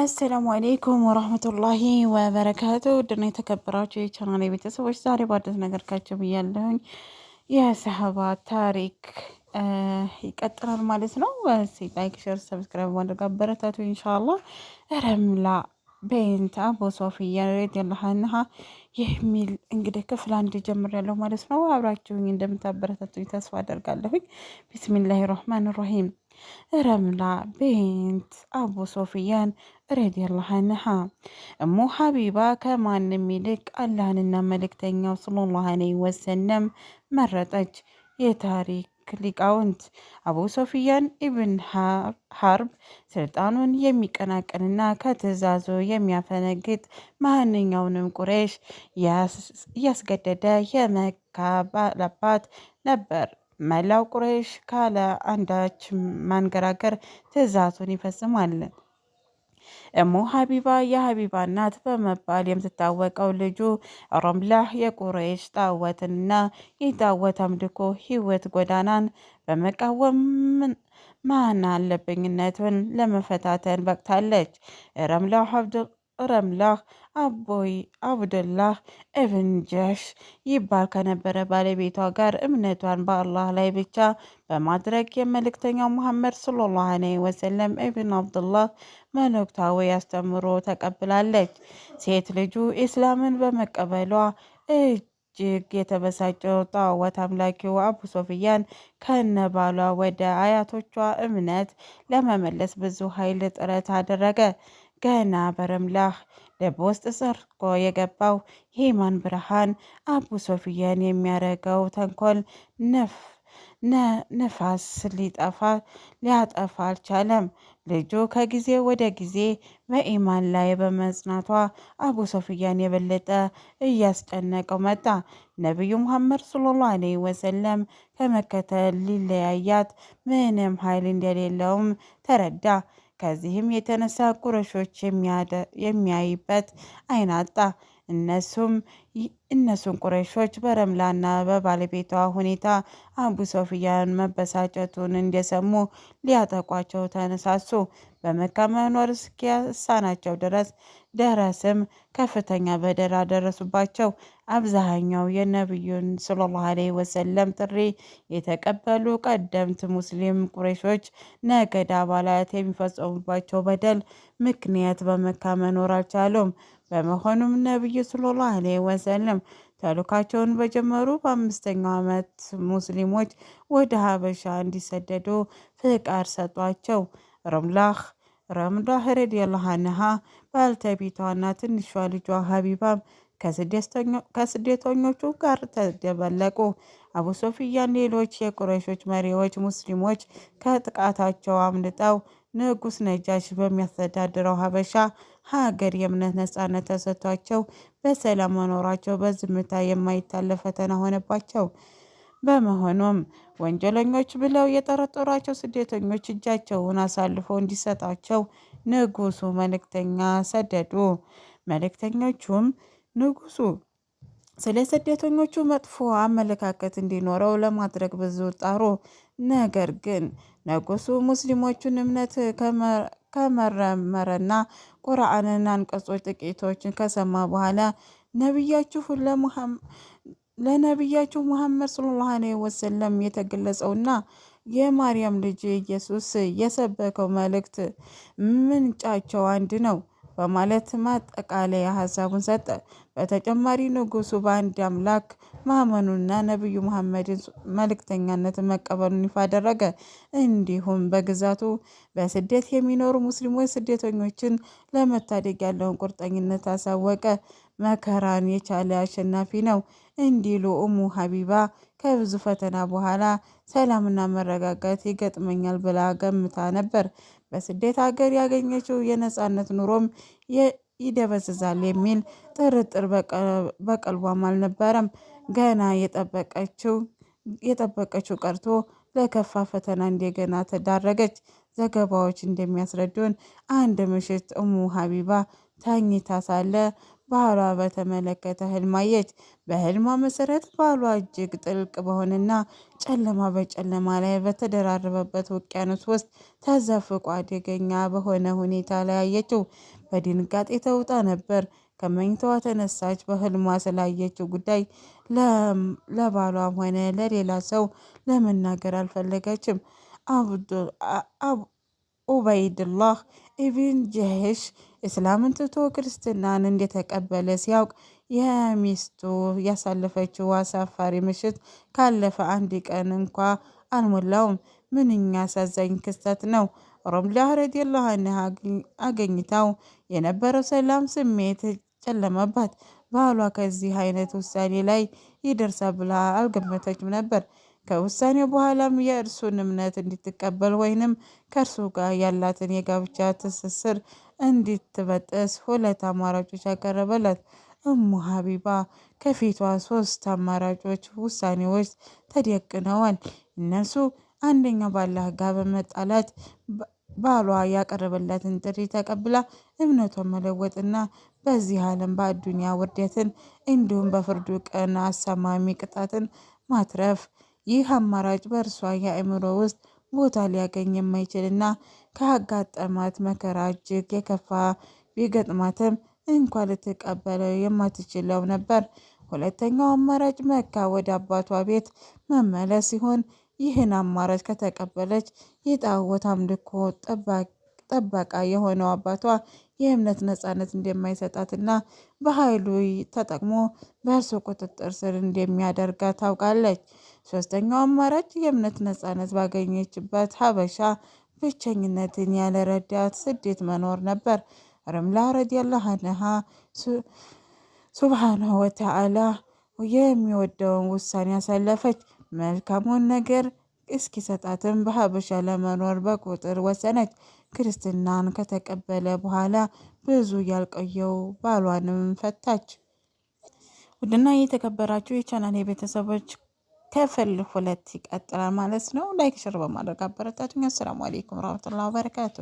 አሰላሙ አሌይኩም ወረህመቱላሂ ወበረካቱ ድና የተከበራችሁ የቻናል ቤተሰቦች ዛሬ በአዲስ ነገር ካቸው ብያለሁኝ። የሰሀባ ታሪክ ይቀጥላል ማለት ነው። ላይክ፣ ሼር፣ ሰብስክራይብ ማድረግ አበረታቱ። እንሻላ ረምላ ቤንት አቡ ሶፊያ ረዲየላሁ አንሃ የሚል እንግዲህ ክፍል አንድ ጀምሬያለሁ ማለት ነው። አብራችሁኝ እንደምታበረታቱኝ ተስፋ አደርጋለሁኝ። ቢስሚላሂ ራህማን ራሂም ረምላ بنت أبو سفيان رضي الله እሙ ሀቢባ ከማንም ይልቅ አላህንና መልእክተኛው ሰለላሁ ዐለይሂ ወሰለም መረጠች። የታሪክ ሊቃውንት አቡ ሶፊያን ኢብን ሀርብ ስልጣኑን የሚቀናቀንና ከትእዛዙ የሚያፈነግጥ ማንኛውንም ቁሬሽ እያስገደደ የመካ ባላባት ነበር። መላው ቁረይሽ ካለ አንዳች ማንገራገር ትእዛዙን ይፈጽማል። እሙ ሀቢባ የሀቢባ እናት በመባል የምትታወቀው ልጁ ሮምላህ የቁረይሽ ጣዖትንና የጣዖት አምልኮ ህይወት ጎዳናን በመቃወም ማን አለብኝነቱን ለመፈታተን በቅታለች። ረምላህ አቦይ አብዱላህ እብን ጀሽ ይባል ከነበረ ባለቤቷ ጋር እምነቷን በአላህ ላይ ብቻ በማድረግ የመልእክተኛው መሐመድ ሰለላሁ ዓለይሂ ወሰለም እብን አብዱላህ መልእክታዊ አስተምሮ ተቀብላለች። ሴት ልጁ ኢስላምን በመቀበሏ እጅግ የተበሳጨው ጣዖት አምላኪው አቡ ሶፊያን ከነባሏ ወደ አያቶቿ እምነት ለመመለስ ብዙ ኃይል ጥረት አደረገ። ገና በረምላህ ልብ ውስጥ ሰርጎ የገባው የኢማን ብርሃን አቡ ሶፊያን የሚያደርገው ተንኮል ነፋስ ሊጠፋ ሊያጠፋ አልቻለም። ልጁ ከጊዜ ወደ ጊዜ በኢማን ላይ በመጽናቷ አቡ ሶፊያን የበለጠ እያስጨነቀው መጣ። ነቢዩ መሐመድ ሰለላሁ ዐለይሂ ወሰለም ከመከተል ሊለያያት ምንም ኃይል እንደሌለውም ተረዳ። ከዚህም የተነሳ ቁረሾች የሚያይበት አይናጣ እነሱም እነሱን ቁረሾች በረምላና በባለቤቷ ሁኔታ አቡ ሶፊያን መበሳጨቱን እንደሰሙ ሊያጠቋቸው ተነሳሱ። በመካ መኖር እስኪያሳናቸው ድረስ ደረስም ከፍተኛ በደል አደረሱባቸው። አብዛኛው የነቢዩን ሰለላሁ ዓለይሂ ወሰለም ጥሪ የተቀበሉ ቀደምት ሙስሊም ቁረሾች ነገድ አባላት የሚፈጸሙባቸው በደል ምክንያት በመካ መኖር አልቻሉም። በመሆኑም ነቢዩ ሰለላሁ ዐለይሂ ወሰለም ተልእኳቸውን በጀመሩ በአምስተኛው ዓመት ሙስሊሞች ወደ ሀበሻ እንዲሰደዱ ፍቃድ ሰጧቸው። ረምላህ ረምላህ ረዲየላሁ አንሃ ባልተቤቷና ትንሿ ልጇ ሀቢባም ከስደተኞቹ ጋር ተደበለቁ። አቡ ሶፊያን፣ ሌሎች የቁረሾች መሪዎች ሙስሊሞች ከጥቃታቸው አምልጠው ንጉስ ነጃሽ በሚያስተዳድረው ሀበሻ ሀገር የእምነት ነጻነት ተሰጥቷቸው በሰላም መኖራቸው በዝምታ የማይታለፍ ፈተና ሆነባቸው። በመሆኑም ወንጀለኞች ብለው የጠረጠሯቸው ስደተኞች እጃቸውን አሳልፎ እንዲሰጣቸው ንጉሱ መልእክተኛ ሰደዱ። መልእክተኞቹም ንጉሱ ስለ ስደተኞቹ መጥፎ አመለካከት እንዲኖረው ለማድረግ ብዙ ጣሩ። ነገር ግን ንጉሱ ሙስሊሞቹን እምነት ከመረመረና ቁርአንና አንቀጾች ጥቂቶችን ከሰማ በኋላ ነቢያችሁ ለነቢያችሁ ሙሐመድ ሰለላሁ ዐለይሂ ወሰለም የተገለጸውና የማርያም ልጅ ኢየሱስ የሰበከው መልእክት ምንጫቸው አንድ ነው። በማለትም አጠቃላይ ሀሳቡን ሰጠ። በተጨማሪ ንጉሱ በአንድ አምላክ ማመኑና ነቢዩ መሐመድን መልእክተኛነት መቀበሉን ይፋ አደረገ። እንዲሁም በግዛቱ በስደት የሚኖሩ ሙስሊሞች ስደተኞችን ለመታደግ ያለውን ቁርጠኝነት አሳወቀ። መከራን የቻለ አሸናፊ ነው እንዲሉ ኡሙ ሀቢባ ከብዙ ፈተና በኋላ ሰላምና መረጋጋት ይገጥመኛል ብላ ገምታ ነበር። በስደት ሀገር ያገኘችው የነጻነት ኑሮም ይደበዝዛል የሚል ጥርጥር በቀልቧም አልነበረም። ገና የጠበቀችው ቀርቶ ለከፋ ፈተና እንደገና ተዳረገች። ዘገባዎች እንደሚያስረዱን አንድ ምሽት እሙ ሀቢባ ተኝታ ሳለ ባህሏ በተመለከተ ህልም አየች። በህልሟ መሰረት ባሏ እጅግ ጥልቅ በሆነና ጨለማ በጨለማ ላይ በተደራረበበት ውቅያኖስ ውስጥ ተዘፍቆ አደገኛ በሆነ ሁኔታ ላይ አየችው። በድንጋጤ ተውጣ ነበር። ከመኝታዋ ተነሳች። በህልሟ ስላየችው ጉዳይ ለባሏም ሆነ ለሌላ ሰው ለመናገር አልፈለገችም። ኡበይድላህ ኢብን ጀሄሽ እስላምን ትቶ ክርስትናን እንደተቀበለ ሲያውቅ የሚስቱ ያሳለፈችው አሳፋሪ ምሽት ካለፈ አንድ ቀን እንኳ አልሞላውም። ምንኛ አሳዛኝ ክስተት ነው! ረምላህ ረዲየላሁ አንሃ አገኝታው የነበረው ሰላም ስሜት ጨለመባት። ባሏ ከዚህ አይነት ውሳኔ ላይ ይደርሳል ብላ አልገመተችም ነበር። ከውሳኔው በኋላም የእርሱን እምነት እንድትቀበል ወይንም ከእርሱ ጋር ያላትን የጋብቻ ትስስር እንድትበጥስ ሁለት አማራጮች ያቀረበላት እሙ ሀቢባ ከፊቷ ሶስት አማራጮች ውሳኔዎች ተደቅነዋል። እነሱ አንደኛ ባላህ ጋር በመጣላት ባሏ ያቀረበላትን ጥሪ ተቀብላ እምነቷን መለወጥና በዚህ ዓለም በአዱንያ ውርደትን እንዲሁም በፍርዱ ቀን አሳማሚ ቅጣትን ማትረፍ ይህ አማራጭ በእርሷ የአእምሮ ውስጥ ቦታ ሊያገኝ የማይችልና ካጋጠማት መከራ እጅግ የከፋ ቢገጥማትም እንኳ ልትቀበለው የማትችለው ነበር። ሁለተኛው አማራጭ መካ ወደ አባቷ ቤት መመለስ ሲሆን ይህን አማራጭ ከተቀበለች የጣዖት አምልኮ ጠባቃ የሆነው አባቷ የእምነት ነፃነት እንደማይሰጣትና በኃይሉ ተጠቅሞ በእርሱ ቁጥጥር ስር እንደሚያደርጋት ታውቃለች። ሶስተኛው አማራጭ የእምነት ነፃነት ባገኘችበት ሀበሻ ብቸኝነትን ያለ ረዳት ስደት መኖር ነበር። ረምላ ረዲያላሁ አንሃ ሱብሃነሁ ወተዓላ የሚወደውን ውሳኔ ያሳለፈች፣ መልካሙን ነገር እስኪሰጣትም በሀበሻ ለመኖር በቁጥር ወሰነች። ክርስትናን ከተቀበለ በኋላ ብዙ ያልቆየው ባሏንም ፈታች። ውድና የተከበራችሁ የቻናል የቤተሰቦች ክፍል ሁለት ይቀጥላል ማለት ነው። ላይክ ሽር በማድረግ አበረታቱኝ። አሰላሙ አሌይኩም ረመቱላ በረካቱ